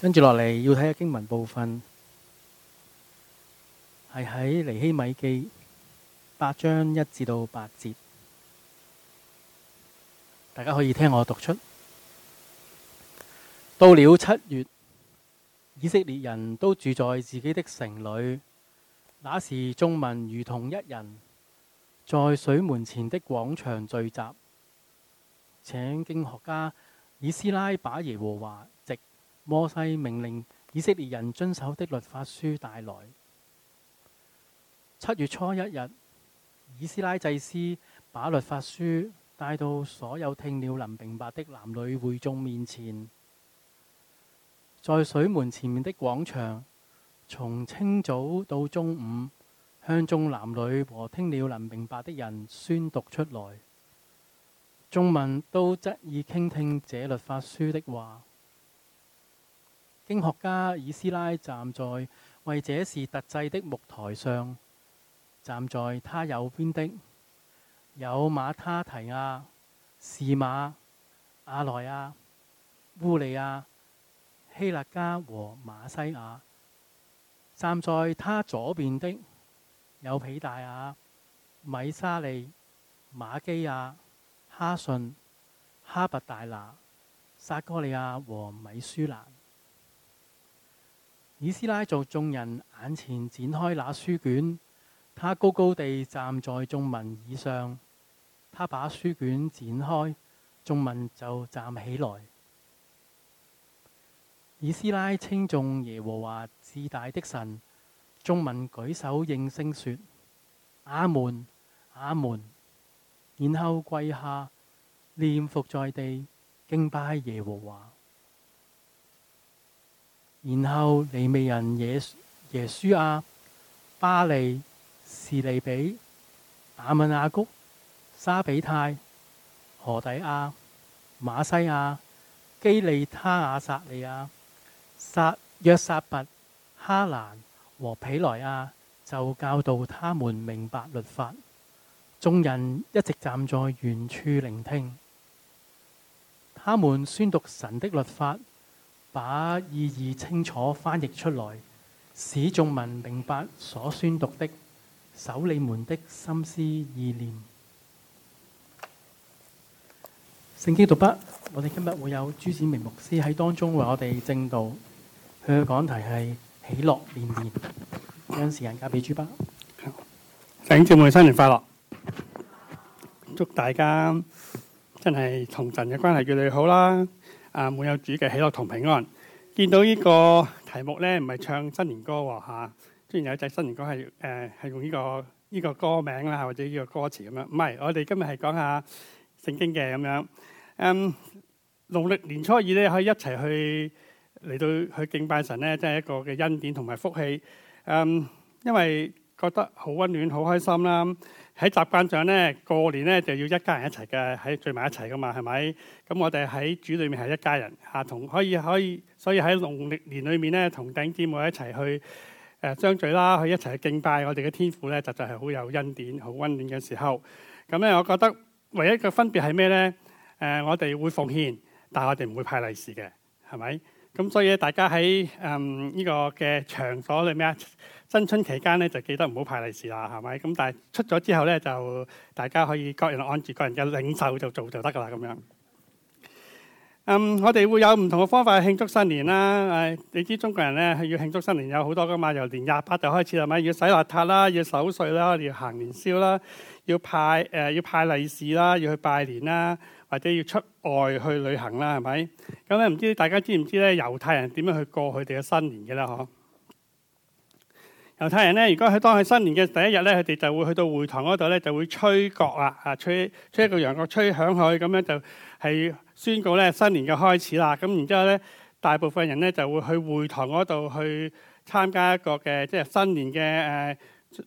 跟住落嚟要睇下經文部分，係喺尼希米記八章一至到八節，大家可以聽我讀出。到了七月，以色列人都住在自己的城裏，那時眾民如同一人，在水門前的廣場聚集，請經學家以斯拉把耶和華。摩西命令以色列人遵守的律法書帶來。七月初一日，以斯拉祭司把律法書帶到所有聽了能明白的男女會眾面前，在水門前面的廣場，從清早到中午，向眾男女和聽了能明白的人宣讀出來。眾民都執意傾聽這律法書的話。經學家以斯拉站在為這事特製的木台上，站在他右邊的有馬他提亞、士馬、阿來亞、烏利亞、希勒家和馬西亞；站在他左邊的有皮大亞、米沙利、馬基亞、哈順、哈拔大拿、撒哥利亞和米舒蘭。以斯拉在眾人眼前展開那書卷，他高高地站在眾民以上。他把書卷展開，眾民就站起來。以斯拉稱頌耶和華至大的神，眾民舉手應聲說：阿門，阿門。然後跪下，念伏在地，敬拜耶和華。然後尼美人耶耶書亞、巴利、士利比、亞文亞谷、沙比泰、荷底亞、馬西亞、基利他亞撒利亞、撒約撒拔、哈蘭和皮萊亞就教導他們明白律法。眾人一直站在原處聆聽，他們宣讀神的律法。把意義清楚翻譯出來，使眾民明白所宣讀的，守你們的心思意念。聖經讀筆，我哋今日會有朱展明牧師喺當中為我哋證道。佢嘅講題係喜樂年年。將時間交俾朱筆。請祝我哋新年快樂！祝大家真係同神嘅關係越嚟越好啦！啊！滿有主嘅喜樂同平安，見到呢個題目咧，唔係唱新年歌喎嚇。雖然有一隻新年歌係誒係用呢、呢個呢、呢個歌名啦，或者呢個歌詞咁樣，唔係我哋今日係講下聖經嘅咁樣。嗯，農曆年初二咧，可以一齊去嚟到去敬拜神咧，真係一個嘅恩典同埋福氣。嗯，因為覺得好温暖、好開心啦。喺習慣上咧，過年咧就要一家人一齊嘅，喺聚埋一齊㗎嘛，係咪？咁我哋喺主裏面係一家人嚇、啊，同可以可以，所以喺農曆年裏面咧，同頂姊妹一齊去誒、呃、相聚啦，去一齊去敬拜我哋嘅天父咧，就就係好有恩典、好温暖嘅時候。咁咧，我覺得唯一嘅分別係咩咧？誒、呃，我哋會奉獻，但係我哋唔會派利是嘅，係咪？咁所以大家喺嗯呢、這個嘅場所裏面新春期間咧就記得唔好派利是啦，係咪？咁但係出咗之後咧就大家可以各人按住個人嘅領袖就做就得噶啦咁樣。嗯，我哋會有唔同嘅方法去慶祝新年啦。誒，你知中國人咧係要慶祝新年有好多噶嘛？由年廿八就開始係咪？要洗邋遢啦，要守歲啦，要行年宵啦，要派誒要、呃、派利是啦，要去拜年啦，或者要出外去旅行啦，係咪？咁咧唔知大家知唔知咧猶太人點樣去過佢哋嘅新年嘅啦？嗬。猶太人咧，如果喺當佢新年嘅第一日咧，佢哋就會去到會堂嗰度咧，就會吹角啦，啊吹吹一個羊角吹響去，咁樣就係宣告咧新年嘅開始啦。咁然之後咧，大部分人咧就會去會堂嗰度去參加一個嘅即係新年嘅誒、呃、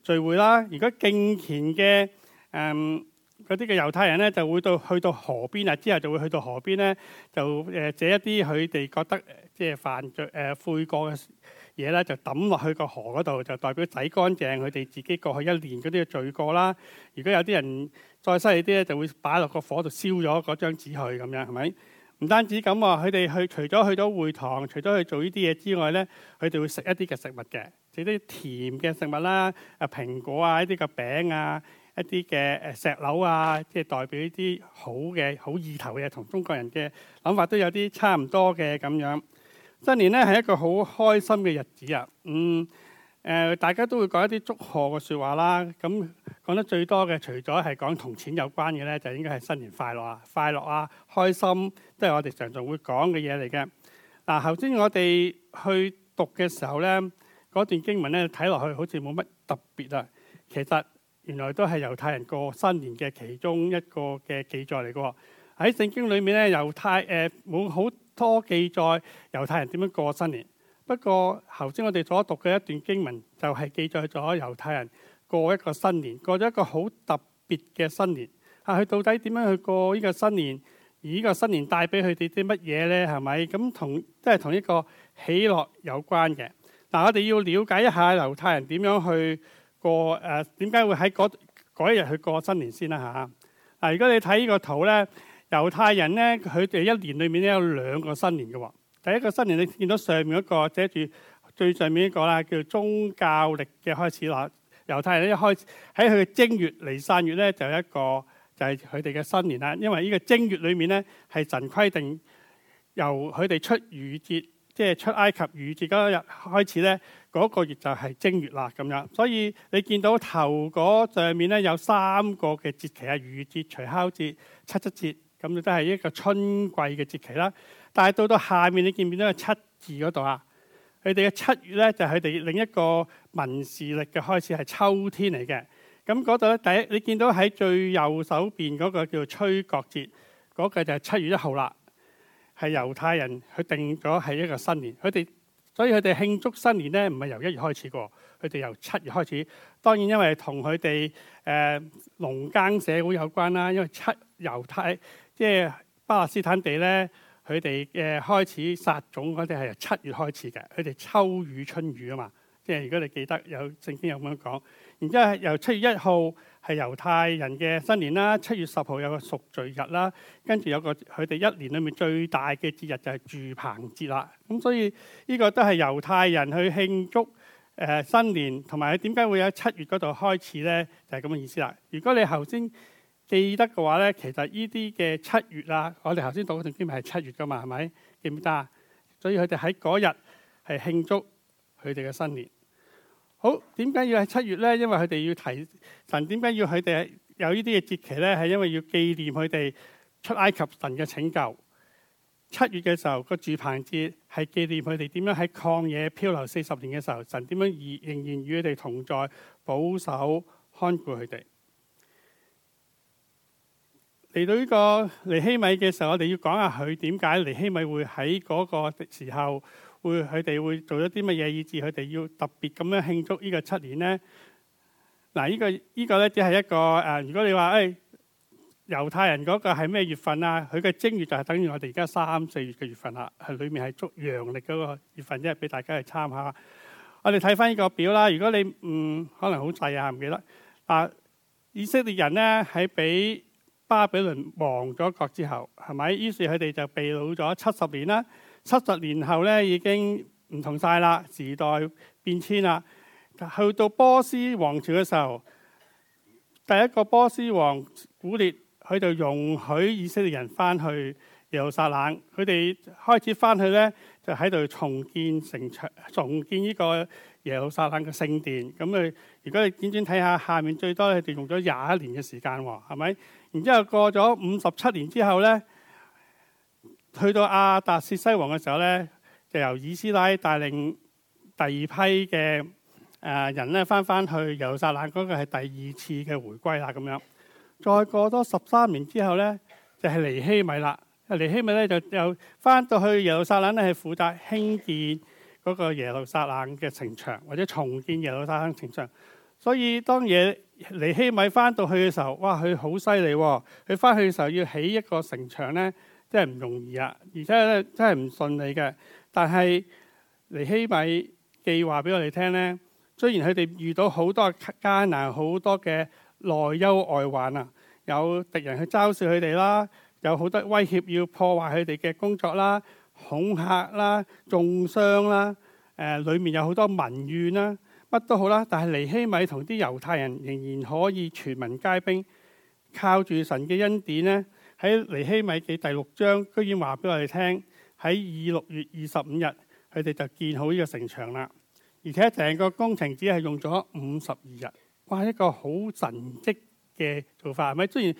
聚會啦。如果敬虔嘅誒嗰啲嘅猶太人咧，就會到去到河邊啊，之後就會去到河邊咧，就誒借一啲佢哋覺得即係犯罪誒、呃、悔過嘅。嘢咧就抌落去個河嗰度，就代表洗乾淨佢哋自己過去一年嗰啲嘅罪過啦。如果有啲人再犀利啲咧，就會擺落個火度燒咗嗰張紙去咁樣，係咪？唔單止咁喎，佢哋去除咗去咗會堂，除咗去做呢啲嘢之外咧，佢哋會食一啲嘅食物嘅，食啲甜嘅食物啦，誒蘋果啊，一啲嘅餅啊，一啲嘅誒石榴啊，即係代表一啲好嘅好意頭嘅，同中國人嘅諗法都有啲差唔多嘅咁樣。新年咧係一個好開心嘅日子啊！嗯，誒、呃，大家都會講一啲祝賀嘅説話啦。咁講得最多嘅，除咗係講同錢有關嘅咧，就應該係新年快樂啊、快樂啊、開心，即係我哋常常會講嘅嘢嚟嘅。嗱、啊，頭先我哋去讀嘅時候咧，嗰段經文咧睇落去好似冇乜特別啊。其實原來都係猶太人過新年嘅其中一個嘅記載嚟嘅喎。喺聖經裡面咧，猶太誒冇好呃多記載猶太人點樣過新年，不過頭先我哋所讀嘅一段經文就係、是、記載咗猶太人過一個新年，過咗一個好特別嘅新年。嚇、啊，佢到底點樣去過呢個新年？而呢個新年帶俾佢哋啲乜嘢呢？係咪咁同即係同一個喜樂有關嘅？嗱、啊，我哋要了解一下猶太人點樣去過誒點解會喺嗰一日去過新年先啦、啊、嚇。嗱、啊啊，如果你睇呢個圖呢。猶太人咧，佢哋一年裏面咧有兩個新年嘅喎。第一個新年，你見到上面一、嗰個寫住最上面一個啦，叫宗教曆嘅開始啦。猶太人咧一開始喺佢嘅正月尼散月咧就有一個就係佢哋嘅新年啦。因為個呢個正月裏面咧係神規定由佢哋出逾越節，即係出埃及逾越節嗰日開始咧，嗰、嗰個月就係正月啦。咁樣所以你見到頭嗰上面咧有三個嘅節期啊，逾越節、除酵節、七七節。咁都係一個春季嘅節期啦。但係到到下面，你見唔見到七字嗰度啊？佢哋嘅七月咧，就係佢哋另一個民事曆嘅開始，係秋天嚟嘅。咁嗰度咧，第一你見到喺最右手邊嗰個叫吹角節，嗰、那個就係七月一號啦。係猶太人佢定咗係一個新年，佢哋所以佢哋慶祝新年咧，唔係由一月開始嘅，佢哋由七月開始。當然因為同佢哋誒農耕社會有關啦，因為七猶太。即係巴勒斯坦地咧，佢哋嘅開始撒種嗰啲係由七月開始嘅。佢哋秋雨春雨啊嘛，即係如果你記得有聖經有咁樣講。然之後由七月一號係猶太人嘅新年啦，七月十號有個贖罪日啦，跟住有個佢哋一年裏面最大嘅節日就係住棚節啦。咁所以呢個都係猶太人去慶祝誒新年，同埋佢點解會喺七月嗰度開始咧？就係咁嘅意思啦。如果你頭先，記得嘅話呢，其實呢啲嘅七月啊，我哋頭先讀嗰段經文係七月噶嘛，係咪記唔記得啊？所以佢哋喺嗰日係慶祝佢哋嘅新年。好，點解要喺七月呢？因為佢哋要提神，點解要佢哋有呢啲嘅節期呢？係因為要紀念佢哋出埃及神嘅拯救。七月嘅時候，個住棚節係紀念佢哋點樣喺曠野漂流四十年嘅時候，神點樣仍仍然與佢哋同在，保守看顧佢哋。嚟到呢個尼希米嘅時候，我哋要講下佢點解尼希米會喺嗰個時候會，佢哋會做咗啲乜嘢，以致佢哋要特別咁樣慶祝呢個七年咧。嗱，呢個呢個咧只係一個誒。如果你話誒猶太人嗰個係咩月份啊？佢嘅正月就係等於我哋而家三四月嘅月份啦。係裡面係祝陽曆嗰個月份，即係俾大家去參考。我哋睇翻呢個表啦。如果你嗯可能好細啊，唔記得啊，以色列人咧喺俾。巴比倫亡咗國之後，係咪？於是佢哋就被擄咗七十年啦。七十年後咧，已經唔同晒啦，時代變遷啦。去到波斯王朝嘅時候，第一個波斯王古列，佢就容許以色列人翻去耶路撒冷。佢哋開始翻去咧，就喺度重建城牆，重建呢個耶路撒冷嘅聖殿。咁啊，如果你轉轉睇下下面，最多佢哋用咗廿一年嘅時間，係咪？然之後過咗五十七年之後咧，去到亞達薛西王嘅時候咧，就由以斯拉帶領第二批嘅誒人咧翻翻去耶路撒冷嗰、那個係第二次嘅回歸啦咁樣。再過多十三年之後咧，就係、是、尼希米啦。尼希米咧就又翻到去耶路撒冷咧，係負責興建嗰個耶路撒冷嘅城牆或者重建耶路撒冷城牆。所以當然。尼希米返到去嘅時候，哇，佢好犀利喎！佢返去嘅時候要起一個城牆咧，真係唔容易啊，而且咧真係唔順利嘅。但係尼希米記話俾我哋聽咧，雖然佢哋遇到好多艱難，好多嘅內憂外患啊，有敵人去嘲笑佢哋啦，有好多威脅要破壞佢哋嘅工作啦、恐嚇啦、中傷啦，誒、呃，裏面有好多民怨啦。乜都好啦，但係尼希米同啲猶太人仍然可以全民皆兵，靠住神嘅恩典咧。喺尼希米嘅第六章，居然話俾我哋聽，喺二六月二十五日，佢哋就建好呢個城牆啦。而且成個工程只係用咗五十二日，哇！一個好神蹟嘅做法係咪？雖然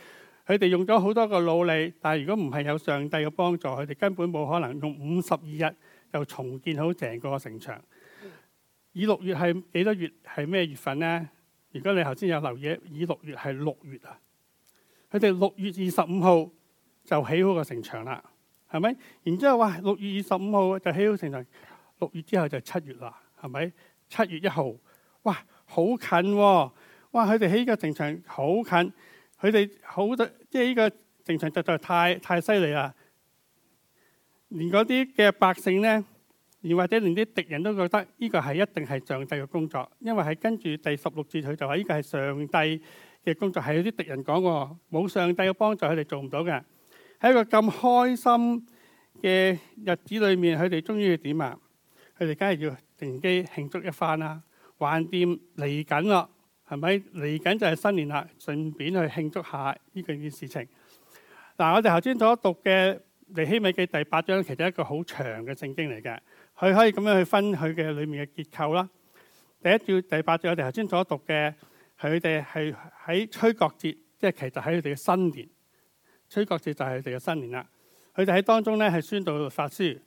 佢哋用咗好多個努力，但係如果唔係有上帝嘅幫助，佢哋根本冇可能用五十二日就重建好成個城牆。以六月係幾多月？係咩月份咧？如果你頭先有留意，以六月係六月啊，佢哋六月二十五號就起好個城牆啦，係咪？然之後哇，六月二十五號就起好城牆，六月之後就七月啦，係咪？七月一號，哇，好近喎！哇，佢哋起個城牆好近，佢哋好即係呢個城牆就太太犀利啦，連嗰啲嘅百姓咧。而或者連啲敵人都覺得呢個係一定係上帝嘅工作，因為喺跟住第十六節，佢就話：呢個係上帝嘅工作。係有啲敵人講喎，冇上帝嘅幫助，佢哋做唔到嘅。喺一個咁開心嘅日子裏面，佢哋終於要點啊？佢哋梗係要乘機慶祝一番啦！橫掂嚟緊咯，係咪嚟緊就係新年啦？順便去慶祝下呢個件事情嗱、啊。我哋頭先所讀嘅《尼希米記》第八章，其實係一個好長嘅聖經嚟嘅。佢可以咁樣去分佢嘅裏面嘅結構啦。第一至第八節，我哋頭先所讀嘅佢哋係喺吹角節，即係其實喺佢哋嘅新年。吹角節就係佢哋嘅新年啦。佢哋喺當中咧係宣讀法書。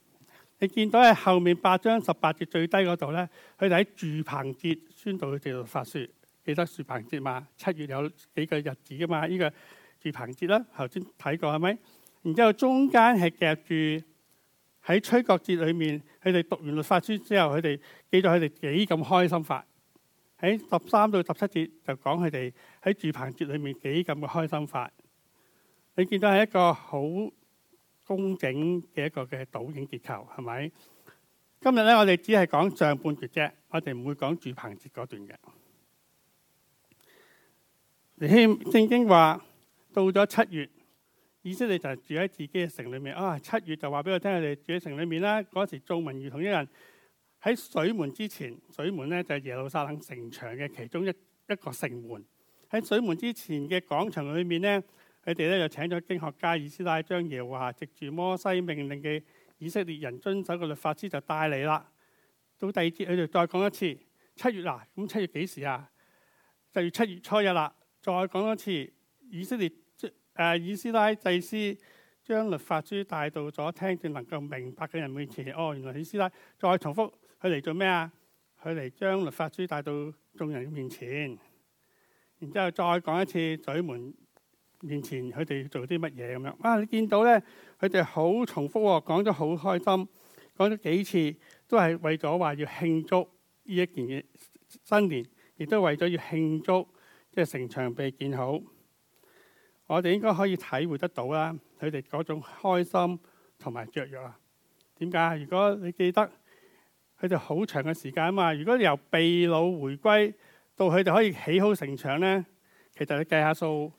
你見到喺後面八章十八節最低嗰度咧，佢哋喺住棚節宣讀佢哋嘅法書。記得住棚節嘛？七月有幾個日子嘅嘛？呢個住棚節啦，頭先睇過係咪？然之後中間係夾住。喺吹角節裏面，佢哋讀完律法書之後，佢哋記到佢哋幾咁開心法。喺十三到十七節就講佢哋喺住棚節裏面幾咁嘅開心法。你見到係一個好工整嘅一個嘅倒影結構，係咪？今日咧，我哋只係講上半節啫，我哋唔會講住棚節嗰段嘅。聖經話到咗七月。以色列就住喺自己嘅城裏面。啊，七月就話俾我聽，佢哋住喺城裏面啦。嗰時眾民如同一人喺水門之前。水門咧就係耶路撒冷城牆嘅其中一一個城門。喺水門之前嘅廣場裏面咧，佢哋咧就請咗經學家以斯拉將耶和華藉住摩西命令嘅以色列人遵守嘅律法書就帶嚟啦。到第二節，佢就再講一次，七月嗱，咁七月幾時啊？就七月初一啦。再講一次，以色列。誒，以斯拉祭司將律法書帶到咗聽見能夠明白嘅人面前。哦，原來以斯拉再重複佢嚟做咩啊？佢嚟將律法書帶到眾人面前，然之後再講一次嘴門面前佢哋做啲乜嘢咁樣啊？你見到咧，佢哋好重複、哦，講咗好開心，講咗幾次都係為咗話要慶祝呢一件嘢新年，亦都係為咗要慶祝即係城牆被建好。我哋應該可以體會得到啦，佢哋嗰種開心同埋雀躍啊！點解？如果你記得佢哋好長嘅時間嘛，如果你由被擄回歸到佢哋可以起好城牆咧，其實你計下數，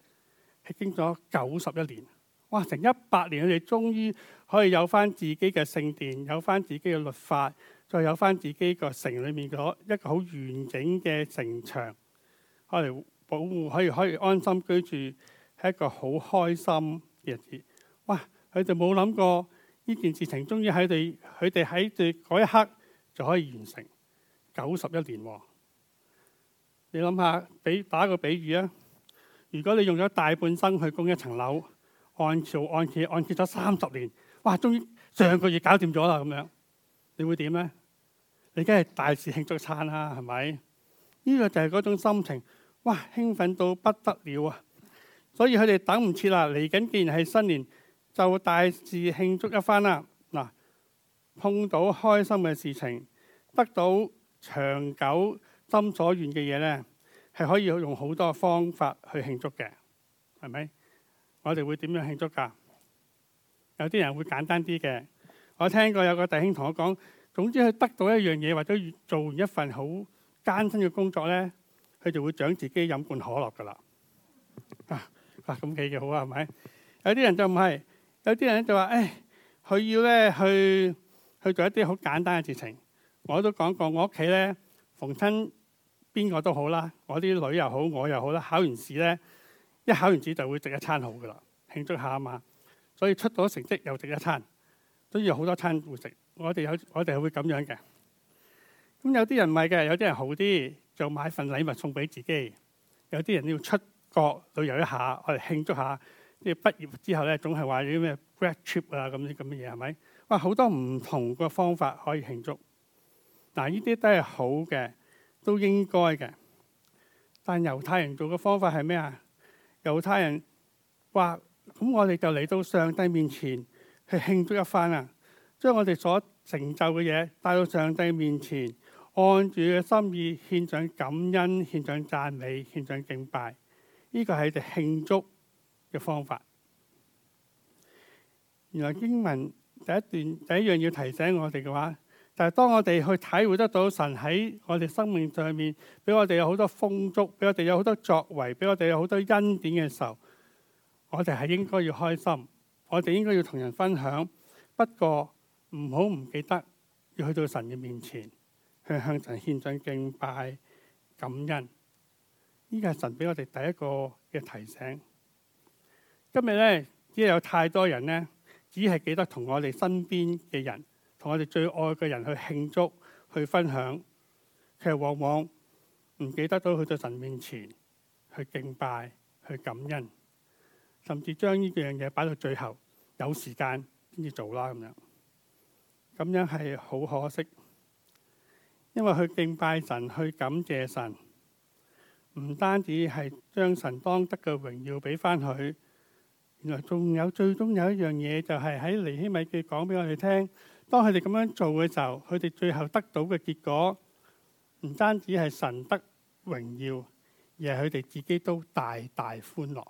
係經咗九十一年，哇！成一百年佢哋終於可以有翻自己嘅聖殿，有翻自己嘅律法，再有翻自己個城裏面個一個好完整嘅城牆，可以保護，可以可以，可以安心居住。係一個好開心嘅日子。哇！佢哋冇諗過呢件事情，終於喺佢佢哋喺對嗰一刻就可以完成九十一年。你諗下，比打個比喻啊，如果你用咗大半生去供一層樓，按朝按揭按揭咗三十年，哇！終於上個月搞掂咗啦，咁樣你會點咧？你梗係大肆慶祝餐啦，係咪？呢個就係嗰種心情，哇！興奮到不得了啊！所以佢哋等唔切啦，嚟緊既然係新年，就大肆慶祝一番啦。嗱，碰到開心嘅事情，得到長久心所願嘅嘢呢，係可以用好多方法去慶祝嘅，係咪？我哋會點樣慶祝噶？有啲人會簡單啲嘅。我聽過有個弟兄同我講，總之佢得到一樣嘢，或者做完一份好艱辛嘅工作呢，佢就會獎自己飲罐可樂噶啦。啊咁企就好啊，係咪？有啲人就唔係，有啲人就話：誒，佢要咧去去做一啲好簡單嘅事情。我都講過，我屋企咧逢親邊個都好啦，我啲女又好，我又好啦。考完試咧，一考完試就會食一餐好噶啦，慶祝下啊嘛。所以出到成績又食一餐，都要好多餐會食。我哋有我哋係會咁樣嘅。咁有啲人唔係嘅，有啲人好啲就買份禮物送俾自己。有啲人要出。旅遊一下，我哋慶祝下。即係畢業之後咧，總係話啲咩 grad trip 啊，咁啲咁嘅嘢係咪？哇，好多唔同嘅方法可以慶祝。嗱、啊，呢啲都係好嘅，都應該嘅。但猶太人做嘅方法係咩啊？猶太人話咁，我哋就嚟到上帝面前去慶祝一番啊，將我哋所成就嘅嘢帶到上帝面前，按住佢嘅心意獻上感恩，獻上讚美，獻上敬拜。呢個係你哋慶祝嘅方法。原來經文第一段第一樣要提醒我哋嘅話，就係當我哋去體會得到神喺我哋生命上面，俾我哋有好多豐足，俾我哋有好多作為，俾我哋有好多恩典嘅時候，我哋係應該要開心，我哋應該要同人分享。不過唔好唔記得要去到神嘅面前去向神獻上敬拜感恩。呢個係神俾我哋第一個嘅提醒。今日呢，只有太多人呢，只係記得同我哋身邊嘅人，同我哋最愛嘅人去慶祝、去分享。其實往往唔記得到去到神面前去敬拜、去感恩，甚至將呢樣嘢擺到最後有時間先至做啦咁樣。咁樣係好可惜，因為去敬拜神、去感謝神。唔單止係將神當得嘅榮耀俾翻佢，原來仲有最終有一樣嘢，就係喺尼希米記講俾我哋聽，當佢哋咁樣做嘅時候，佢哋最後得到嘅結果，唔單止係神得榮耀，而係佢哋自己都大大歡樂。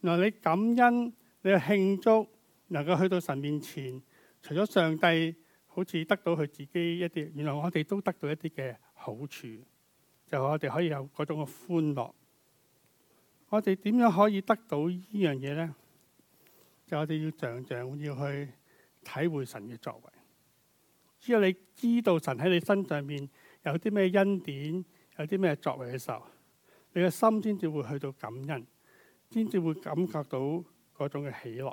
原來你感恩，你嘅慶祝，能夠去到神面前，除咗上帝好似得到佢自己一啲，原來我哋都得到一啲嘅好處。就我哋可以有嗰種嘅歡樂，我哋點樣可以得到呢樣嘢咧？就我哋要常常要去體會神嘅作為。只要你知道神喺你身上面有啲咩恩典，有啲咩作為嘅時候，你嘅心先至會去到感恩，先至會感覺到嗰種嘅喜樂。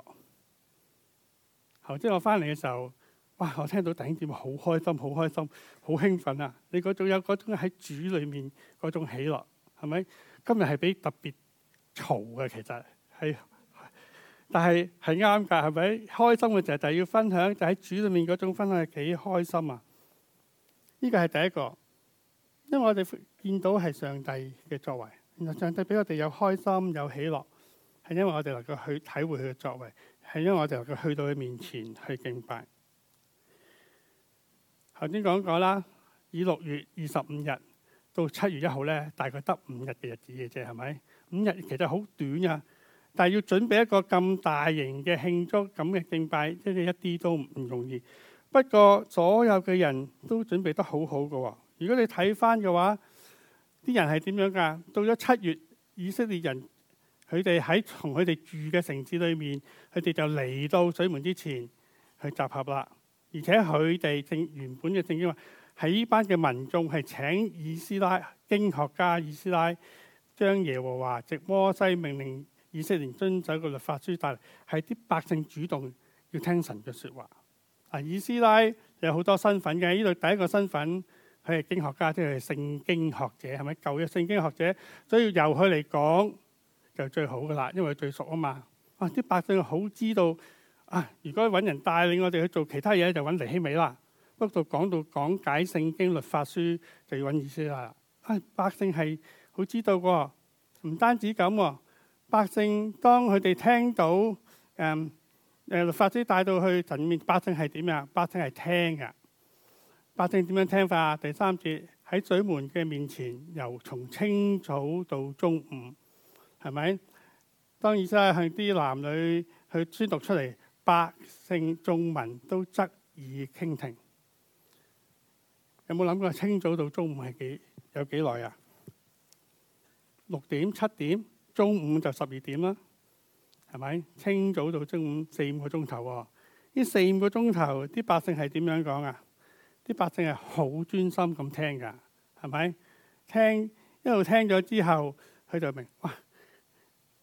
頭先我翻嚟嘅時候。哇！我聽到頂點，好開心，好開心，好興奮啊！你嗰種有嗰種喺主裏面嗰種喜樂，係咪今日係比特別嘈嘅？其實係，但係係啱㗎，係咪開心嘅就係就要分享？就係喺主裏面嗰種分享係幾開心啊！呢個係第一個，因為我哋見到係上帝嘅作為，然後上帝俾我哋有開心有喜樂，係因為我哋能夠去體會佢嘅作為，係因為我哋能夠去到佢面前去敬拜。頭先講過啦，以六月二十五日到七月一號咧，大概得五日嘅日子嘅啫，係咪？五日其實好短噶，但係要準備一個咁大型嘅慶祝咁嘅敬拜，即係一啲都唔容易。不過所有嘅人都準備得好好嘅。如果你睇翻嘅話，啲人係點樣噶？到咗七月，以色列人佢哋喺同佢哋住嘅城市裏面，佢哋就嚟到水門之前去集合啦。而且佢哋正原本嘅正經話，係呢班嘅民眾係請以斯拉經學家以斯拉將耶和華藉摩西命令以色列遵守嘅律法書帶嚟，係啲百姓主動要聽神嘅説話。啊，以斯拉有好多身份嘅，呢度第一個身份佢係經學家，即係聖經學者，係咪？舊嘅聖經學者，所以由佢嚟講就最好㗎喇，因為最熟啊嘛。啊，啲百姓好知道。啊！如果揾人帶領我哋去做其他嘢，就揾尼希米啦。不過講到講解聖經律法書，就要揾意思啦。啊！百姓係好知道嘅，唔單止咁。百姓當佢哋聽到誒誒、嗯、律法書帶到去陣面，百姓係點呀？百姓係聽嘅。百姓點樣聽法？第三節喺水門嘅面前，由從清早到中午，係咪？當然啦，係向啲男女去宣讀出嚟。百姓眾民都側耳傾聽，有冇諗過清、啊？清早到中午係幾有幾耐啊？六點七點，中午就十二點啦，係咪？清早到中午四五個鐘頭喎，呢四五個鐘頭，啲百姓係點樣講啊？啲百姓係好專心咁聽㗎，係咪？聽一路聽咗之後，佢就明哇，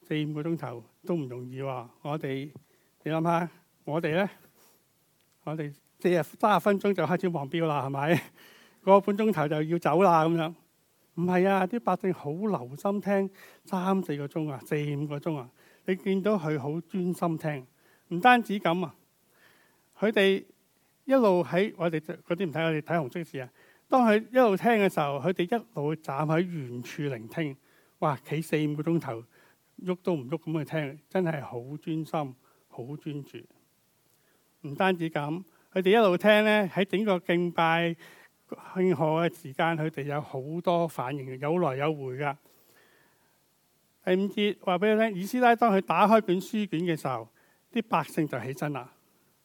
四五個鐘頭都唔容易喎、哦。我哋你諗下，我哋咧，我哋四啊三十分鐘就開始黃標啦，係咪？嗰 半鐘頭就要走啦咁樣。唔係啊，啲百姓好留心聽，三四個鐘啊，四五個鐘啊。你見到佢好專心聽，唔單止咁啊。佢哋一路喺我哋嗰啲唔睇，我哋睇紅十字啊。當佢一路聽嘅時候，佢哋一路站喺原處聆聽。哇！企四五個鐘頭，喐都唔喐咁去聽，真係好專心。好專注，唔單止咁，佢哋一路聽咧，喺整個敬拜慶賀嘅時間，佢哋有好多反應嘅，有來有回噶。第五節話俾佢聽，以斯拉當佢打開本書卷嘅時候，啲百姓就起身啦，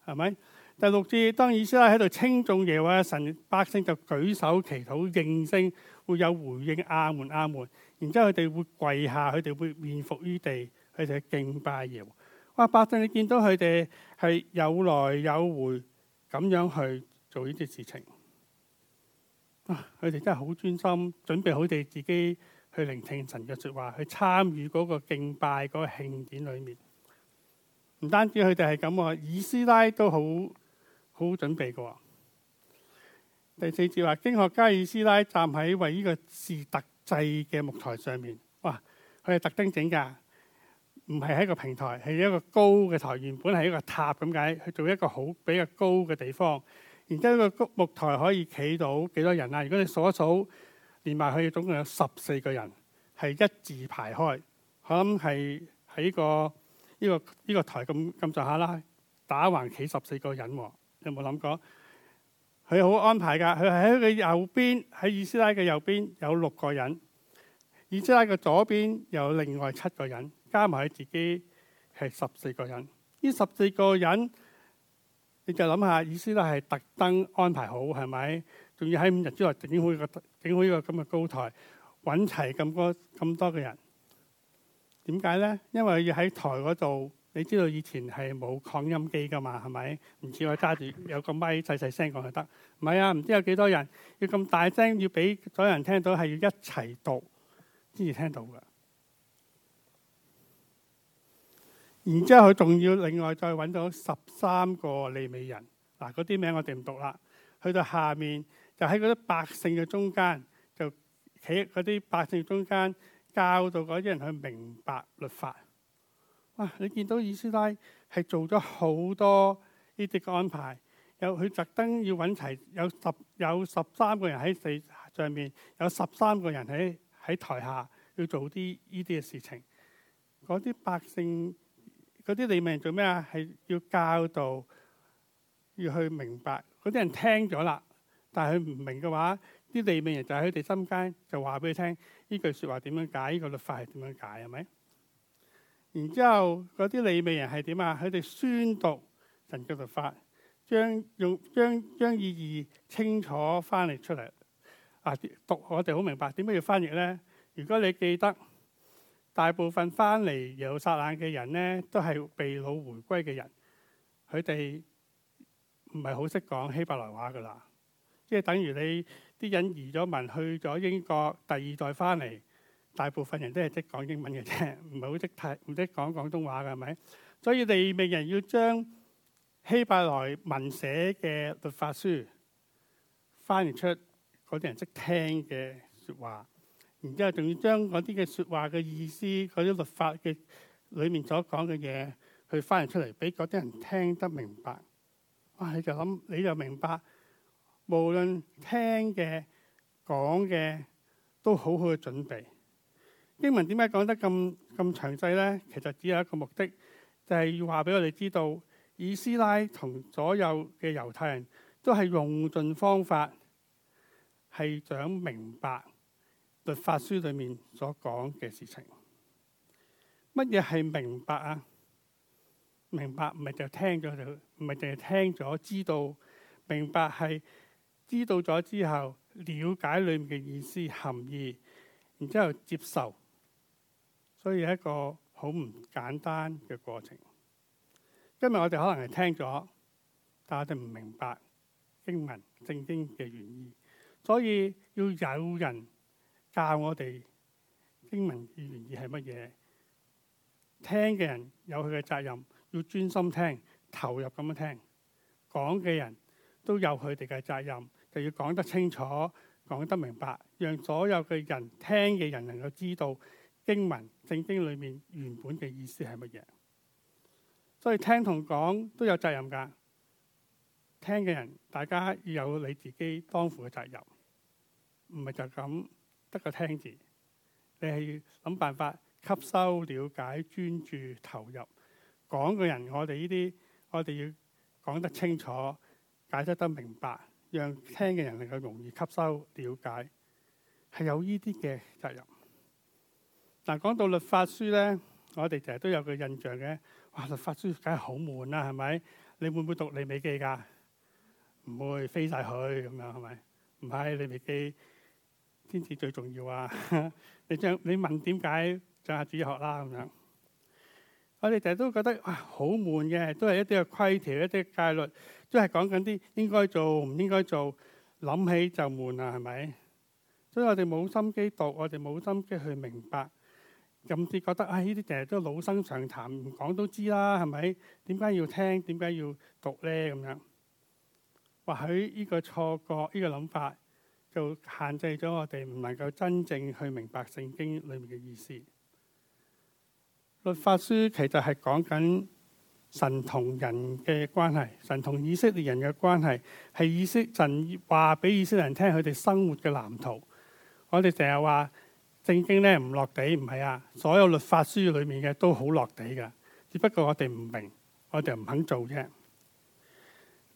係咪？第六節，當以斯拉喺度稱頌耶和華神，百姓就舉手祈禱應聲，會有回應，阿門阿門。然之後佢哋會跪下，佢哋會面伏於地，佢哋敬拜耶和華哇！百姓，你見到佢哋係有來有回咁樣去做呢啲事情，啊！佢哋真係好專心，準備好哋自己去聆聽神嘅説話，去參與嗰個敬拜嗰個慶典裏面。唔單止佢哋係咁喎，以斯拉都好好準備嘅。第四節話，經學家以斯拉站喺為呢個事特製嘅木台上面，哇！佢係特登整㗎。唔係喺一個平台，係一個高嘅台。原本係一個塔咁解去做一個好比較高嘅地方。然之後個木台可以企到幾多人啊？如果你數一數連埋佢總共有十四個人係一字排開。我諗係喺個呢、呢個呢、呢個台咁咁上下啦，打橫企十四個人，啊、你有冇諗過？佢好安排㗎。佢喺佢右邊喺以斯拉嘅右邊有六個人，以斯拉嘅左邊有另外七個人。加埋自己係十四個人，呢十四個人，你就諗下意思都係特登安排好係咪？仲要喺五日之內整好一個整好呢個咁嘅高台，揾齊咁多咁多嘅人。點解咧？因為要喺台嗰度，你知道以前係冇擴音機噶嘛，係咪？唔似我揸住有個咪細細聲講就得。唔係啊，唔知有幾多人要咁大聲要俾所有人聽到，係要一齊讀先至聽到㗎。然之後，佢仲要另外再揾到十三個利未人嗱，嗰啲名我哋唔讀啦。去到下面就喺嗰啲百姓嘅中間，就企喺嗰啲百姓中間教導嗰啲人去明白律法。哇！你見到以斯拉係做咗好多呢啲嘅安排，有佢特登要揾齊有十有十三個人喺上面，有十三個人喺喺台下要做啲呢啲嘅事情，嗰啲百姓。嗰啲利未人做咩啊？係要教導，要去明白。嗰啲人聽咗啦，但係佢唔明嘅話，啲利未人就喺佢哋心間就話俾佢聽，呢句說話點樣解，呢個律法係點樣解係咪？然之後嗰啲利未人係點啊？佢哋宣讀神嘅律法，將用將將意義清楚翻譯出嚟。啊，讀我哋好明白，點解要翻譯咧？如果你記得。大部分翻嚟耶路撒冷嘅人咧，都係被擄回歸嘅人，佢哋唔係好識講希伯來話噶啦。即係等於你啲人移咗民去咗英國，英國第二代翻嚟，大部分人都係識講英文嘅啫，唔係好識睇，唔識講廣東話嘅係咪？所以你命人要將希伯來文寫嘅律法書翻譯出嗰啲人識聽嘅説話。然之後，仲要將嗰啲嘅説話嘅意思，嗰啲律法嘅裏面所講嘅嘢，去翻譯出嚟俾嗰啲人聽得明白。哇！你就諗你就明白，無論聽嘅講嘅，都好好嘅準備。經文點解講得咁咁詳細呢？其實只有一個目的，就係要話俾我哋知道，以斯拉同所有嘅猶太人都係用盡方法，係想明白。律法書裏面所講嘅事情，乜嘢係明白啊？明白唔係就聽咗，就唔係淨係聽咗知道。明白係知道咗之後，了解裏面嘅意思含義，然之後接受，所以係一個好唔簡單嘅過程。今日我哋可能係聽咗，但係我哋唔明白經文正經嘅原意，所以要有人。教我哋經文原意係乜嘢？聽嘅人有佢嘅責任，要專心聽、投入咁樣聽。講嘅人都有佢哋嘅責任，就要講得清楚、講得明白，讓所有嘅人聽嘅人能夠知道經文、聖經裏面原本嘅意思係乜嘢。所以聽同講都有責任㗎。聽嘅人，大家要有你自己當負嘅責任，唔係就咁。得個聽字，你係要諗辦法吸收、瞭解、專注、投入講嘅人。我哋呢啲，我哋要講得清楚、解釋得明白，讓聽嘅人能夠容易吸收、瞭解，係有呢啲嘅責任。嗱，講到律法書咧，我哋成日都有個印象嘅，哇！律法書梗係好悶啦，係咪？你會唔會讀利未記㗎？唔會飛晒佢咁樣係咪？唔係利未記。先至最重要啊！你 上你問點解上下自己學啦咁樣？我哋成日都覺得哇，好、哎、悶嘅，都係一啲嘅規條，一啲嘅戒律，都係講緊啲應該做、唔應該做，諗起就悶啊，係咪？所以我哋冇心機讀，我哋冇心機去明白，甚至覺得啊，呢啲成日都老生常談，唔講都知啦，係咪？點解要聽？點解要讀咧？咁樣，或許呢個錯覺，呢、呢個諗法，就限制咗我哋唔能夠真正去明白聖經裏面嘅意思。律法書其實係講緊神同人嘅關係，神同以色列人嘅關係，係以色，神話俾以色列人聽佢哋生活嘅藍圖。我哋成日話聖經呢唔落地，唔係啊，所有律法書裏面嘅都好落地㗎，只不過我哋唔明，我哋唔肯做啫。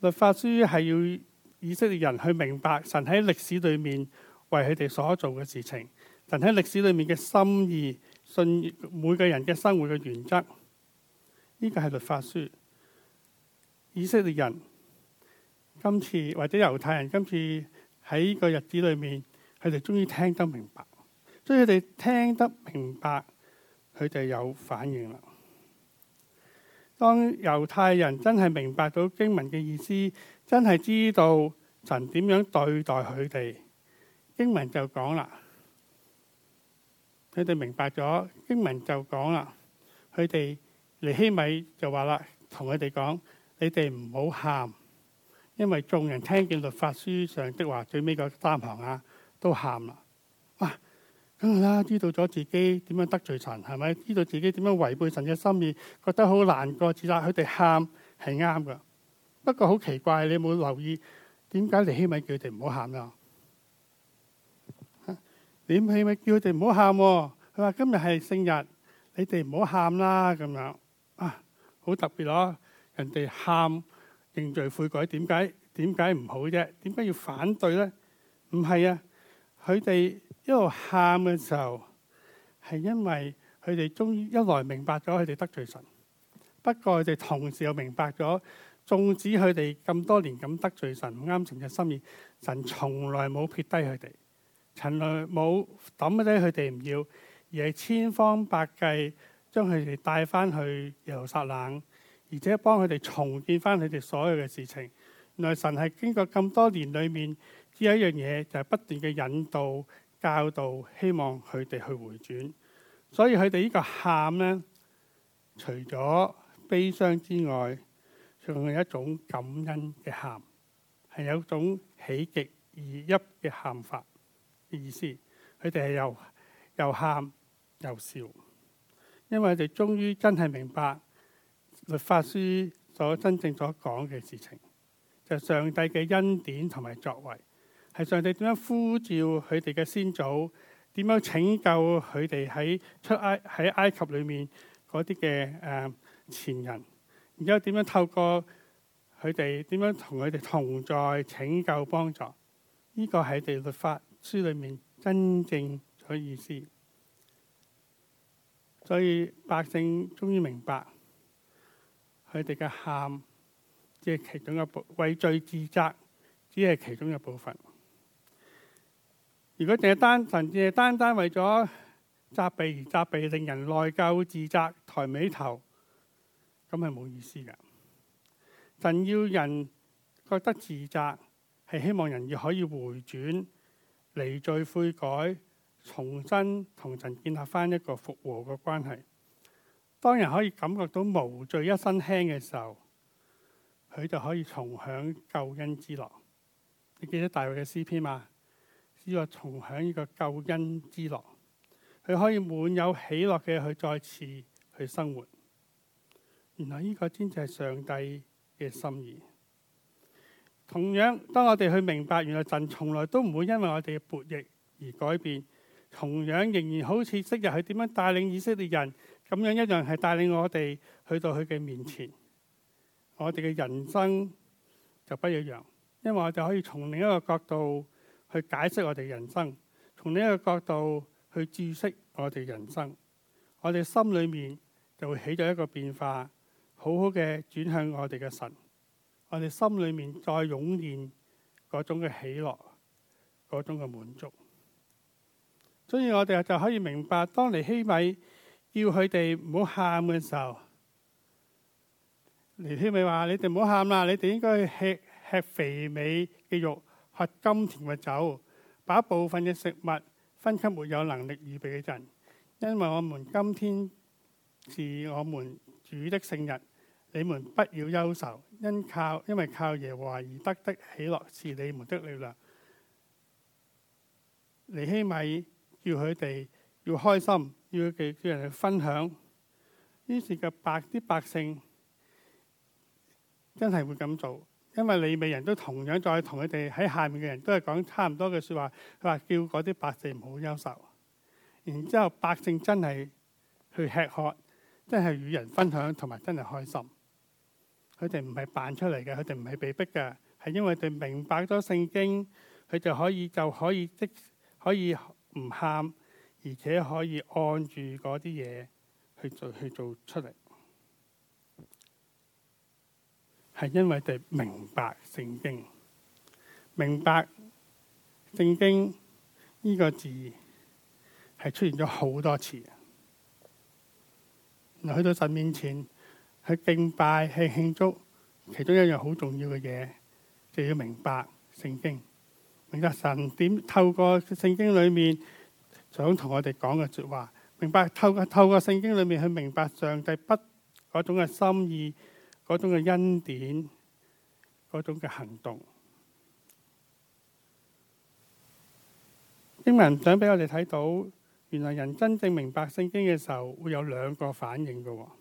律法書係要。以色列人去明白神喺歷史裏面為佢哋所做嘅事情，神喺歷史裏面嘅心意、信每個人嘅生活嘅原則，呢個係律法書。以色列人今次或者猶太人今次喺呢個日子裏面，佢哋終於聽得明白，所以佢哋聽得明白，佢哋有反應啦。當猶太人真係明白到經文嘅意思，真係知道神點樣對待佢哋，經文就講啦。佢哋明白咗，經文就講啦。佢哋。尼希米就話啦，同佢哋講：你哋唔好喊，因為眾人聽見律法書上的話，最尾嗰三行啊，都喊啦。梗係啦，知道咗自己點樣得罪神，係咪？知道自己點樣違背神嘅心意，覺得好難過，至得佢哋喊係啱噶。不過好奇怪，你冇留意點解尼希米叫佢哋唔好喊啦？尼希米叫佢哋唔好喊，佢話今日係聖日，你哋唔好喊啦咁樣。啊，好特別咯！人哋喊認罪悔改，點解點解唔好啫？點解要反對咧？唔係啊，佢哋。一路喊嘅時候係因為佢哋終於一來明白咗佢哋得罪神，不過佢哋同時又明白咗，縱使佢哋咁多年咁得罪神唔啱情嘅心意，神從來冇撇低佢哋，從來冇抌低佢哋唔要，而係千方百計將佢哋帶翻去耶路撒冷，而且幫佢哋重建翻佢哋所有嘅事情。原來神係經過咁多年裏面，只有一樣嘢就係、是、不斷嘅引導，教導，希望佢哋去回轉，所以佢哋呢個喊呢，除咗悲傷之外，仲係一種感恩嘅喊，係有種喜極而泣嘅喊法嘅意思。佢哋係又又喊又笑，因為佢哋終於真係明白律法書所真正所講嘅事情，就上帝嘅恩典同埋作為。係上帝點樣呼召佢哋嘅先祖？點樣拯救佢哋喺出埃喺埃及裏面嗰啲嘅誒前人？然之後點樣透過佢哋點樣同佢哋同在拯救幫助？呢、這個係佢哋律法書裏面真正嘅意思。所以百姓終於明白佢哋嘅喊，即係其中一部分，為罪自責，只係其中一部分。如果淨係單純，淨係單單為咗責備而責備，責備令人內疚自責、抬尾頭，咁係冇意思嘅。神要人覺得自責，係希望人要可以回轉、離罪悔改、重新同神建立返一個復和嘅關係。當人可以感覺到無罪一身輕嘅時候，佢就可以重享救恩之樂。你記得大衛嘅詩篇嘛？只要重享呢個救恩之樂，佢可以滿有喜樂嘅去再次去生活。原來呢個先至係上帝嘅心意。同樣，當我哋去明白，原來神從來都唔會因為我哋嘅悖逆而改變，同樣仍然好似昔日係點樣帶領以色列人咁樣一樣，係帶領我哋去到佢嘅面前。我哋嘅人生就不一樣，因為我哋可以從另一個角度。去解釋我哋人生，從呢一個角度去注釋我哋人生，我哋心裏面就會起咗一個變化，好好嘅轉向我哋嘅神，我哋心裏面再湧現嗰種嘅喜樂，嗰種嘅滿足。所以我哋就可以明白，當尼希米要佢哋唔好喊嘅時候，尼希米話：你哋唔好喊啦，你哋應該去吃吃肥美嘅肉。發金田嘅酒，把部分嘅食物分給沒有能力預備嘅人，因為我們今天是我們主的聖日，你們不要憂愁，因靠，因為靠耶和華而得的喜樂是你們的力量。尼希米叫佢哋要開心，要叫人去分享，於是嘅白啲百姓真係會咁做。因為利未人都同樣再同佢哋喺下面嘅人都係講差唔多嘅説話，佢話叫嗰啲百姓唔好憂愁。然之後百姓真係去吃喝，真係與人分享，同埋真係開心。佢哋唔係扮出嚟嘅，佢哋唔係被逼嘅，係因為佢哋明白咗聖經，佢就可以就可以即可以唔喊，而且可以按住嗰啲嘢去做去做出嚟。係因為佢哋明白聖經，明白聖經呢個字係出現咗好多次。去到神面前去敬拜、去慶祝，其中一樣好重要嘅嘢，就要明白聖經，明白神點透過聖經裏面想同我哋講嘅說話，明白透過透過聖經裏面去明白上帝不嗰種嘅心意。嗰種嘅恩典，嗰種嘅行動。經文想俾我哋睇到，原來人真正明白聖經嘅時候，會有兩個反應嘅，哦。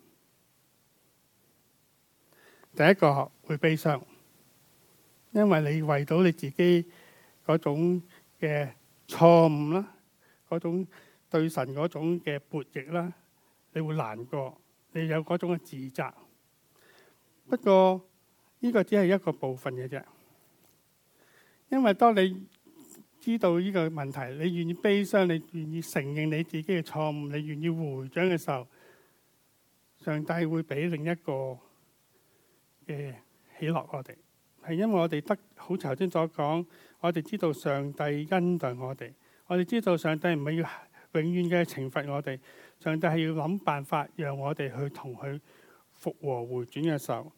第一個會悲傷，因為你為到你自己嗰種嘅錯誤啦，嗰種對神嗰種嘅叛逆啦，你會難過，你有嗰種嘅自責。不過呢個只係一個部分嘅啫，因為當你知道呢個問題，你願意悲傷，你願意承認你自己嘅錯誤，你願意回轉嘅時候，上帝會俾另一個嘅喜樂我哋。係因為我哋得好似頭先所講，我哋知道上帝恩待我哋，我哋知道上帝唔係要永遠嘅懲罰我哋，上帝係要諗辦法讓我哋去同佢復和回轉嘅時候。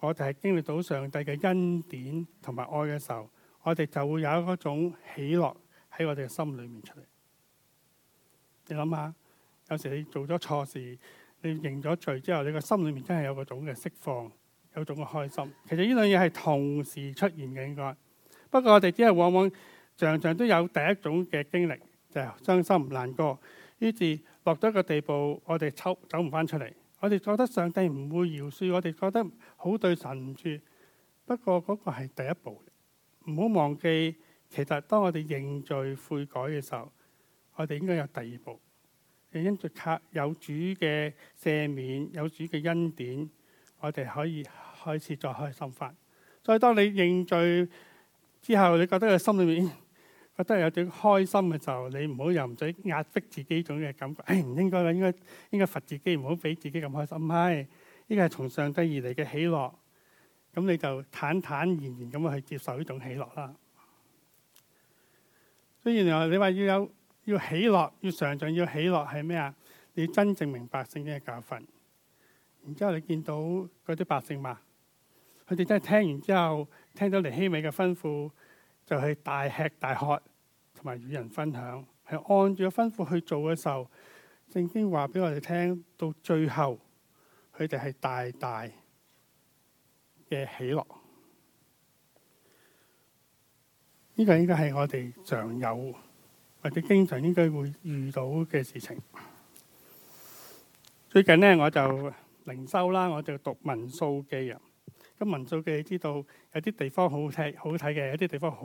我哋係經歷到上帝嘅恩典同埋愛嘅時候，我哋就會有一種喜樂喺我哋嘅心裏面出嚟。你諗下，有時你做咗錯事，你認咗罪之後，你個心裏面真係有個種嘅釋放，有種嘅開心。其實呢兩嘢係同時出現嘅應該，不過我哋只係往往常常都有第一種嘅經歷，就係、是、傷心唔難過，於是落咗一個地步，我哋抽走唔翻出嚟。我哋覺得上帝唔會饒恕，我哋覺得好對神唔住。不過嗰個係第一步，唔好忘記。其實當我哋認罪悔改嘅時候，我哋應該有第二步。因着有主嘅赦免，有主嘅恩典，我哋可以開始再開心翻。所以當你認罪之後，你覺得個心裡面～覺得有啲開心嘅時候，你唔好又唔使壓迫自己種嘅感覺。誒、哎，唔應該啦，應該應該罰自己，唔好俾自己咁開心。係，呢個係從上帝而嚟嘅喜樂。咁你就坦坦然然咁去接受呢種喜樂啦。所以你話你話要有要喜樂，要常常要喜樂係咩啊？你要真正明白聖經嘅教訓。然之後你見到嗰啲百姓嘛，佢哋真係聽完之後，聽到尼希米嘅吩咐，就係大吃大喝。同埋與人分享，係按住個吩咐去做嘅時候，聖經話俾我哋聽到最後，佢哋係大大嘅喜樂。呢、這個應該係我哋常有或者經常應該會遇到嘅事情。最近呢，我就靈修啦，我就讀文素嘅人。咁民數記知道有啲地方好睇好睇嘅，有啲地方好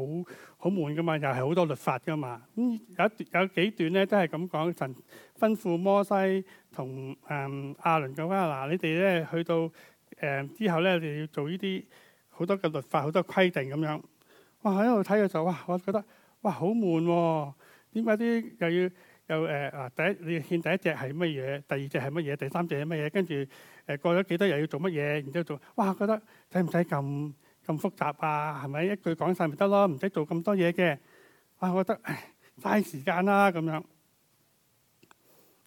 好悶噶嘛，又係好多律法噶嘛。咁有有幾段咧都係咁講，神吩咐摩西同誒亞倫講話：嗱、嗯，你哋咧去到誒之後咧，你哋要做呢啲好多嘅律法、好多規定咁樣。哇！喺度睇嘅時候哇，我覺得哇好悶喎、啊。點解啲又要又誒？啊、呃、第一你要獻第一隻係乜嘢？第二隻係乜嘢？第三隻係乜嘢？跟住。誒過咗幾多日要做乜嘢？然之後做，哇覺得使唔使咁咁複雜啊？係咪一句講晒咪得咯？唔使做咁多嘢嘅，我覺得唉，嘥時間啦咁樣。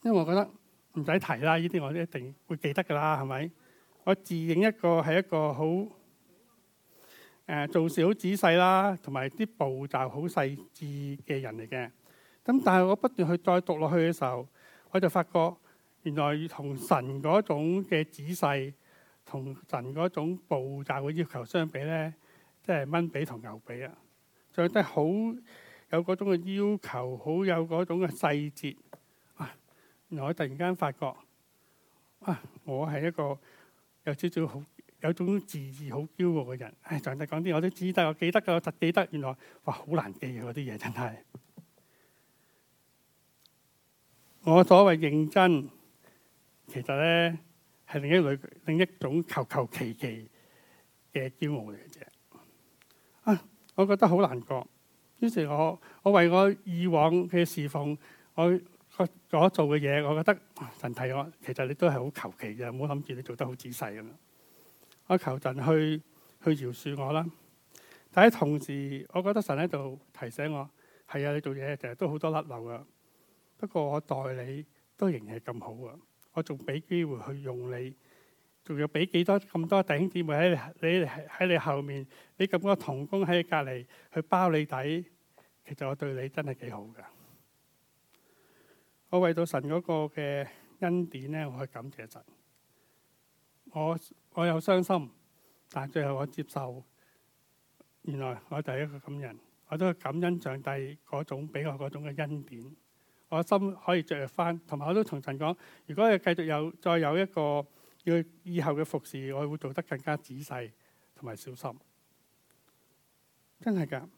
因為我覺得唔使提啦，呢啲我一定會記得㗎啦，係咪？我自認一個係一個好誒、呃、做事好仔細啦，同埋啲步驟好細緻嘅人嚟嘅。咁但係我不斷去再讀落去嘅時候，我就發覺。原來同神嗰種嘅仔細，同神嗰種步驟嘅要求相比咧，即係蚊比同牛比啊！做得好有嗰種嘅要求，好有嗰種嘅細節啊！原來我突然間發覺，啊，我係一個有少少好，有種自義好驕傲嘅人。唉、哎，上帝講啲我都知得，我記得噶，我特記得。原來哇，好難記嘅嗰啲嘢真係。我所謂認真。其實咧係另一類，另一種求求其其嘅驕傲嚟嘅啫啊！我覺得好難過，於是我我為我以往嘅侍奉，我所做嘅嘢，我覺得神提我，其實你都係好求其嘅，唔好諗住你做得好仔細咁樣。我求神去去饒恕我啦，但喺同時，我覺得神喺度提醒我係啊，你做嘢其實都好多甩漏噶，不過我待你都仍然係咁好啊。我仲俾機會去用你，仲要俾幾多咁多弟兄姊妹喺你喺你後面，俾咁多同工喺你隔籬去包你底，其實我對你真係幾好噶我為到神嗰個嘅恩典咧，我感謝神。我我有傷心，但係最後我接受，原來我就係一個咁人，我都係感恩上帝嗰種俾我嗰種嘅恩典。我心可以着入翻，同埋我都同陣講。如果佢繼續有再有一個要以後嘅服侍，我會做得更加仔細同埋小心。真係噶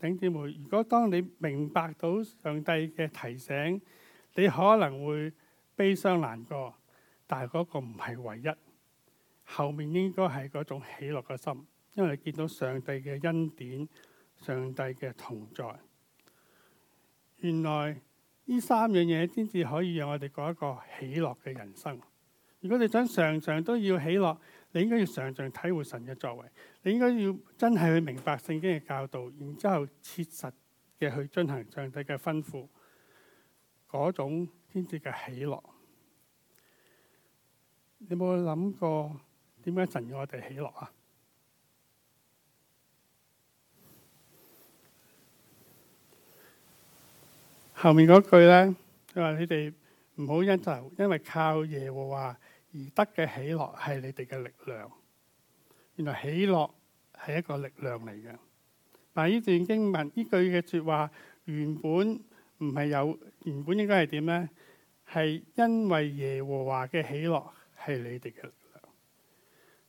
頂姊妹，如果當你明白到上帝嘅提醒，你可能會悲傷難過，但係嗰個唔係唯一，後面應該係嗰種喜樂嘅心，因為你見到上帝嘅恩典、上帝嘅同在，原來。呢三樣嘢，先至可以讓我哋過一個喜樂嘅人生。如果你想常常都要喜樂，你應該要常常體會神嘅作為，你應該要真係去明白聖經嘅教導，然之後切實嘅去進行上帝嘅吩咐，嗰種先至嘅喜樂。你有冇諗過點解神要我哋喜樂啊？後面嗰句咧，佢話，你哋唔好因就因為靠耶和華而得嘅喜樂係你哋嘅力量。原來喜樂係一個力量嚟嘅。但係呢段經文呢句嘅說話原本唔係有，原本應該係點咧？係因為耶和華嘅喜樂係你哋嘅力量。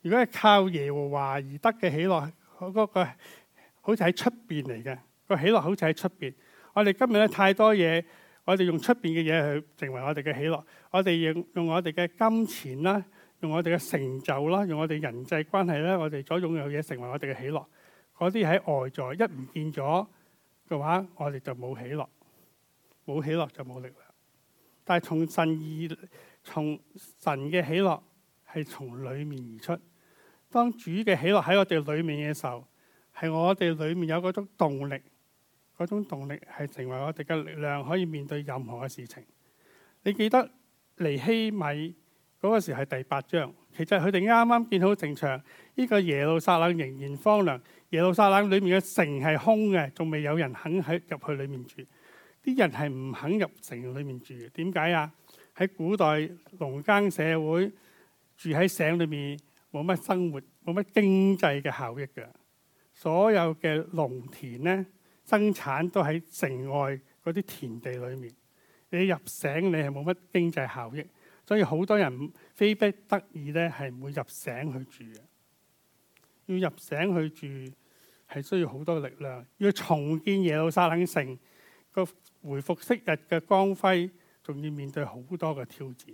如果係靠耶和華而得嘅喜樂，嗰、嗰個好似喺出邊嚟嘅，個喜樂好似喺出邊。我哋今日咧太多嘢，我哋用出邊嘅嘢去成為我哋嘅喜樂。我哋用用我哋嘅金錢啦，用我哋嘅成就啦，用我哋人際關係咧，我哋所擁有嘅嘢成為我哋嘅喜樂。嗰啲喺外在一唔見咗嘅話，我哋就冇喜樂，冇喜樂就冇力量。但係從神而，從神嘅喜樂係從裏面而出。當主嘅喜樂喺我哋裏面嘅時候，係我哋裏面有嗰種動力。嗰種動力係成為我哋嘅力量，可以面對任何嘅事情。你記得尼希米嗰、嗰個時係第八章，其實佢哋啱啱建好城牆，呢、呢個耶路撒冷仍然荒涼。耶路撒冷裏面嘅城係空嘅，仲未有人肯喺入去裏面住。啲人係唔肯入城裏面住嘅，點解啊？喺古代農耕社會，住喺城裏面冇乜生活，冇乜經濟嘅效益嘅。所有嘅農田呢，生產都喺城外嗰啲田地裏面，你入城你係冇乜經濟效益，所以好多人非逼得已咧係唔會入城去住嘅。要入城去住係需要好多力量，要重建耶路撒冷城個恢復昔日嘅光輝，仲要面對好多嘅挑戰。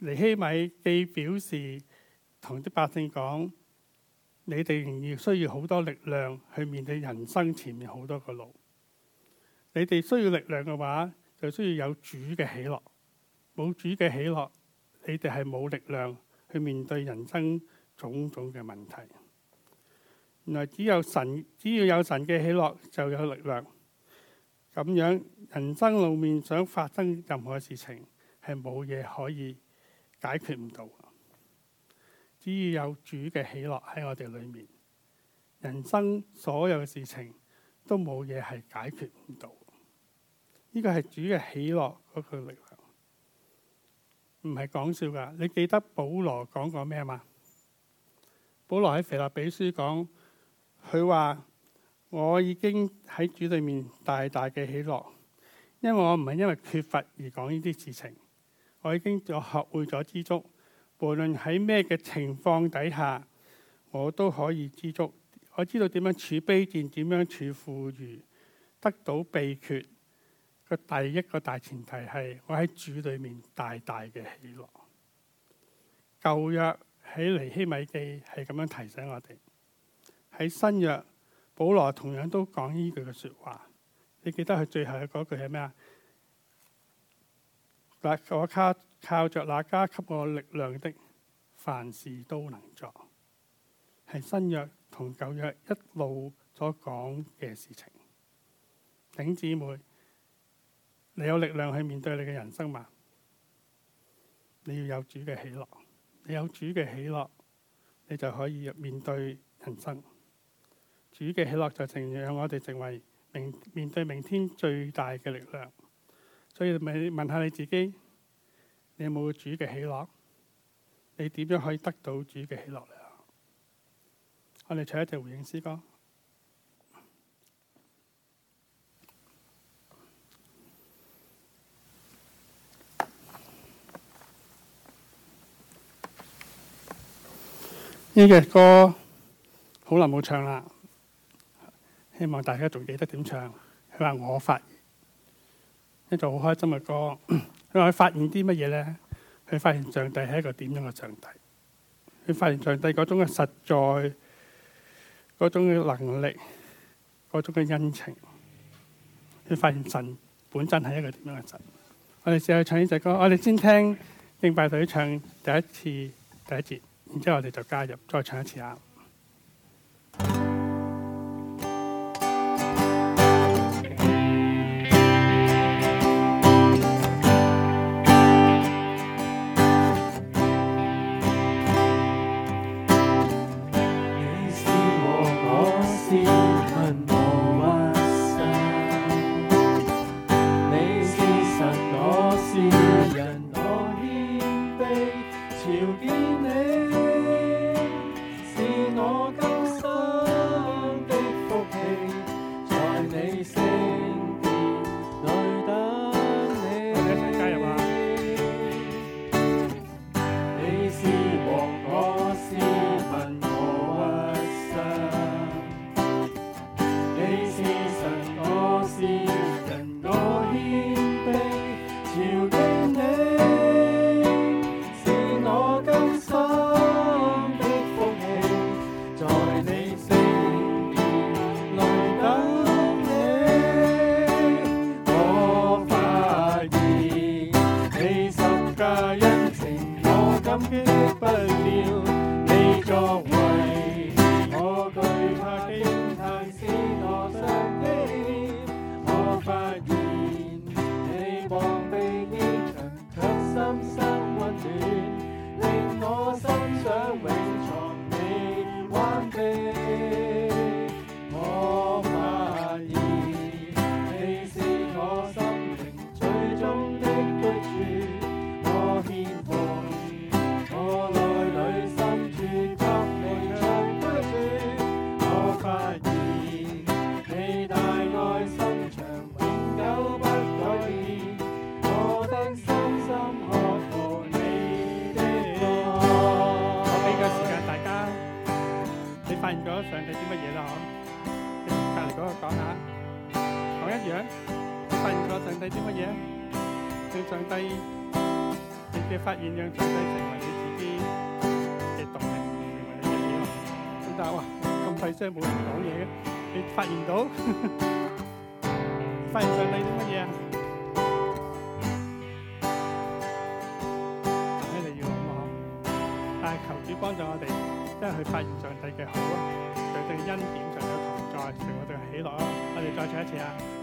尼希米既表示同啲百姓講。你哋仍然需要好多力量去面對人生前面好多個路。你哋需要力量嘅話，就需要有主嘅喜樂。冇主嘅喜樂，你哋係冇力量去面對人生種種嘅問題。原來只有神，只要有神嘅喜樂，就有力量。咁樣，人生路面上發生任何事情，係冇嘢，可以解決唔到。只有主嘅喜樂喺我哋裏面，人生所有嘅事情都冇嘢係解決唔到。呢、這個係主嘅喜樂嗰個力量，唔係講笑噶。你記得保羅講過咩嘛？保羅喺腓立比書講，佢話我已經喺主裏面大大嘅喜樂，因為我唔係因為缺乏而講呢啲事情，我已經我學會咗知足。無論喺咩嘅情況底下，我都可以知足。我知道點樣處卑賤，點樣處富裕，得到秘訣。個第一個大前提係我喺主裏面大大嘅喜樂。舊約喺尼希米記係咁樣提醒我哋，喺新約保羅同樣都講呢句嘅說話。你記得佢最後嗰句係咩啊？靠着那加給我力量的，凡事都能做。係新約同舊約一路所講嘅事情。弟兄姊妹，你有力量去面對你嘅人生嘛？你要有主嘅喜樂，你有主嘅喜樂，你就可以面對人生。主嘅喜樂就係讓我哋成為明面對明天最大嘅力量。所以，問問下你自己。你有冇主嘅喜樂？你點樣可以得到主嘅喜樂咧？我哋唱一隻回應詩歌。呢隻歌好耐冇唱啦，希望大家仲記得點唱。佢話我發，一首好開心嘅歌。佢發現啲乜嘢咧？佢發現上帝係一個點樣嘅上帝？佢發現上帝嗰種嘅實在、嗰種嘅能力、嗰種嘅恩情。佢發現神本身係一個點樣嘅神？我哋試下去唱呢隻歌。我哋先聽敬拜隊唱第一次第一節，然之後我哋就加入，再唱一次啊。低你嘅發現，讓上帝成為你自己嘅動力，成為你嘅嘢咯。咁但係哇，咁細聲冇人講嘢嘅，你發現到？ 發現上帝啲乜嘢啊？所以、 嗯、要諗啊！但係求主幫助我哋，即係去發現上帝嘅好啊！上帝嘅恩典，常有同在，成我哋嘅喜樂啊！我哋再唱一次啊！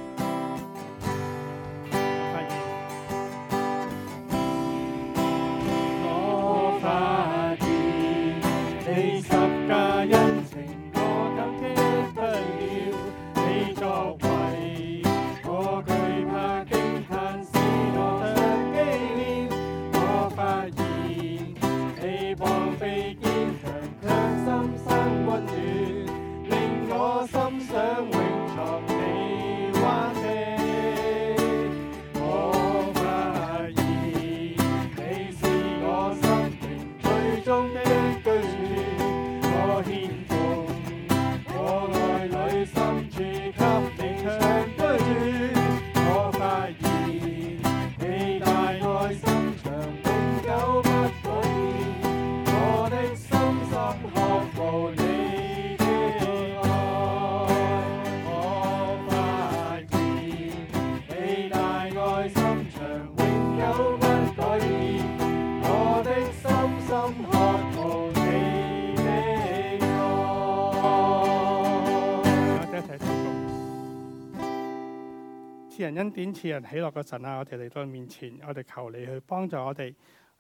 人恩典賜人喜樂嘅神啊，我哋嚟到面前，我哋求你去幫助我哋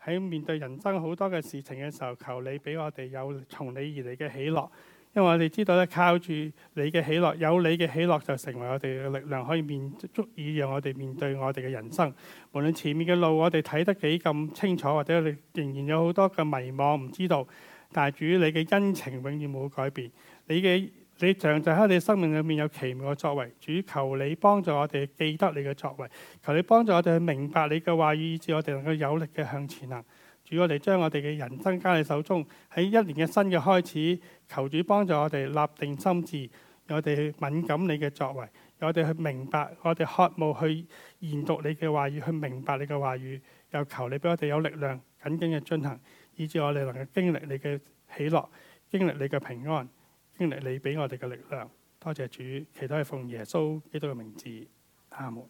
喺面對人生好多嘅事情嘅時候，求你俾我哋有從你而嚟嘅喜樂，因為我哋知道咧，靠住你嘅喜樂，有你嘅喜樂就成為我哋嘅力量，可以面足以讓我哋面對我哋嘅人生。無論前面嘅路我哋睇得幾咁清楚，或者我哋仍然有好多嘅迷茫唔知道，但係主你嘅恩情永遠冇改變，你嘅。你常就喺你生命裏面有奇妙嘅作為，主，求你幫助我哋記得你嘅作為，求你幫助我哋去明白你嘅話語，以致我哋能夠有力嘅向前行。主，我哋將我哋嘅人生交喺你手中。喺一年嘅新嘅開始，求主幫助我哋立定心志，我哋去敏感你嘅作為，我哋去明白，我哋渴慕去研讀你嘅話語，去明白你嘅話語。又求你俾我哋有力量緊緊嘅進行，以致我哋能夠經歷你嘅喜樂，經歷你嘅平安。經歷你俾我哋嘅力量，多謝主，其他係奉耶穌基督嘅名字，阿門。